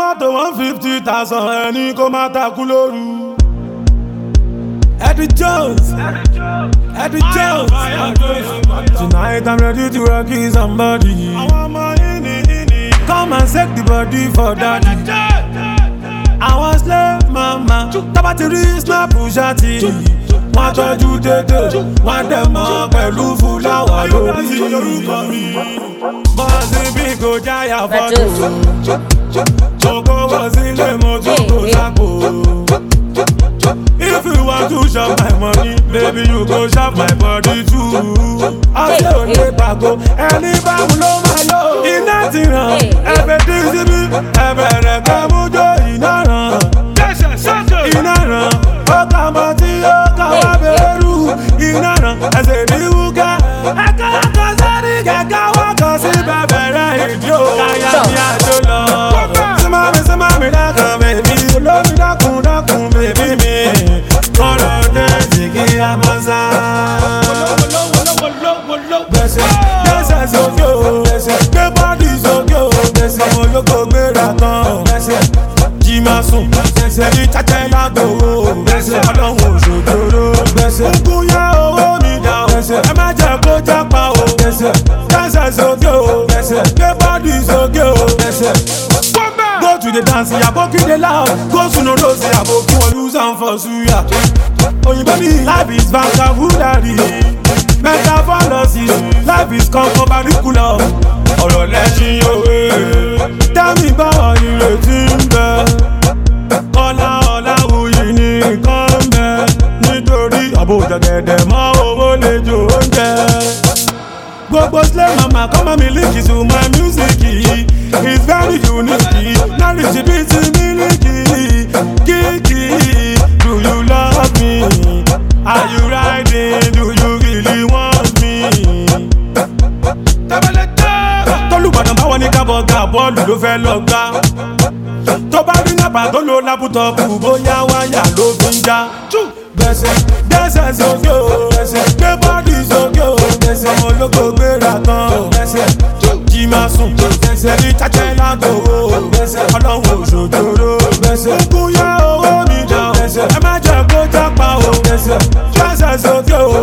mọ́tò one fifty thousand ẹni kó má takú lóru. Eddie Jones, Eddie Jones. Tonight I'm ready to rock you somebody. Come and shake the body for daddy. Àwọn slave mama tábà ti rí snap ṣáàtì. Wọ́n tọ́jú tètè, wọ́n dẹ̀ mọ́ pẹ̀lú fúláwà lórí. ti mi. Bọ́ọ̀sì bí kò jáyà sílé mo sápò. If you want to shop my money, baby you go shop my body too. Ọ̀sẹ̀ ò pàgọ́, ẹni báwo ló mọ̀. mi dákun bèbí olómi dákun dákun bèbí mi kọ́rọ̀ dẹ́ẹ̀tì kí a máa sá. gbèsè gbèsè sókè o gbé bọ́ọ̀dì sókè o ọmọ olóko gbéra kan jí máa sùn ẹni tẹ́tẹ́ lágbo o ọlọ́run òṣòjòrò ogun yẹn. dey dance aboki dey loud go suno road say aboki wan lose am for suya oyinbo mi life is vagabundary mental policies life is kankan curriculum ọ̀rọ̀ lẹ́sìn òwe tẹ́mi báwọn ìrètí ń bẹ. Gbogbo slave mama come and miliki to my music It's very unique, now recipe miliki Kiki, do you love me? Are you riding? Do you really want me? Tọ́lùbàdàn báwọn ní kábọ̀ ga bọ́ọ̀lù ló fẹ́ lọ gbá. Tó bá rí nàbà tó lo lápútọ̀pù bóyá wáyà ló fi ń já. Bẹ̀sẹ̀ dẹ́sẹ̀ sókè o, bẹ̀sẹ̀ gbé bọ́ọ̀lù sókè o ọmọ ológo gbéra tán jí máa sùn ẹbí tàjẹ́ lágbo ọlọ́run òṣòjòrò kúkú yá owó mi dán ẹ má jẹ́ kó jápa o jọ́sẹ̀ sókè o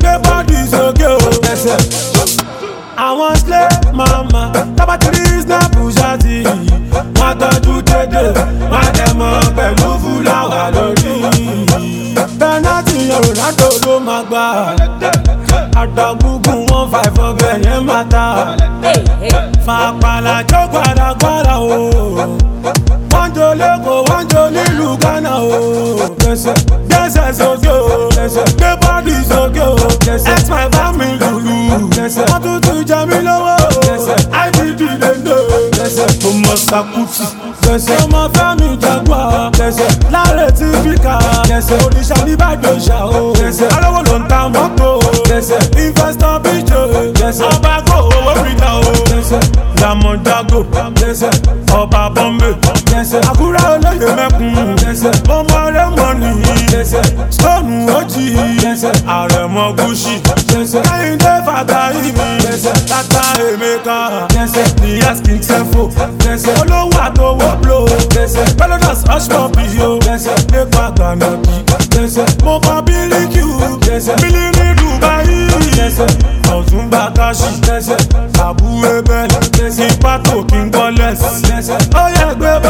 gbé bọ́ọ̀dì sókè o. àwọn sílé màmá tábàtírí snap ṣáàtì wọn tọ́jú dédé wọn jẹ pẹ̀lú fúláwà lórí. bẹ́ẹ̀ náà ti yan Ronaldo ló máa gbà yẹn máa ta. fàpàlà jó gbàdàgbàdà o. wọ́n jó lẹ́kọ̀ọ́ wọ́n jó nílùú Ghana o. gbèsè sókè o. gbé bọ́ọ̀lù sókè o. ex my family lulu. wọ́n tún tún jẹ mí lọ́wọ́ o. ibb lè ndo. ọmọ sakutu. ọmọ fẹ́mi jagua. láre tí bíkà. òrìṣà ní bàjọ́ ìṣà o. arówó ló ń ta mọ́tò ọba go owó fìtà o dàmọ́ jago ọba bọ́mbé àkúrà olóyè mẹ́kun bọ́mbà rẹ́mọ̀nì stone ojì àrẹ̀mọ gúúsì kẹ́hìndé fàtàyè mi tata emeka ní asking sefo olówó àtọwọ́ blow pelotas ọ̀ṣpọ̀pì yó nípa gànàbí mo kọ bílíkì bílí dubai lórí ẹsẹ̀ ọ̀tún gba káṣí àbúrò bẹ́ẹ̀ ní pátó kí n gbọ́ lẹ́sẹ̀ ó yẹ gbé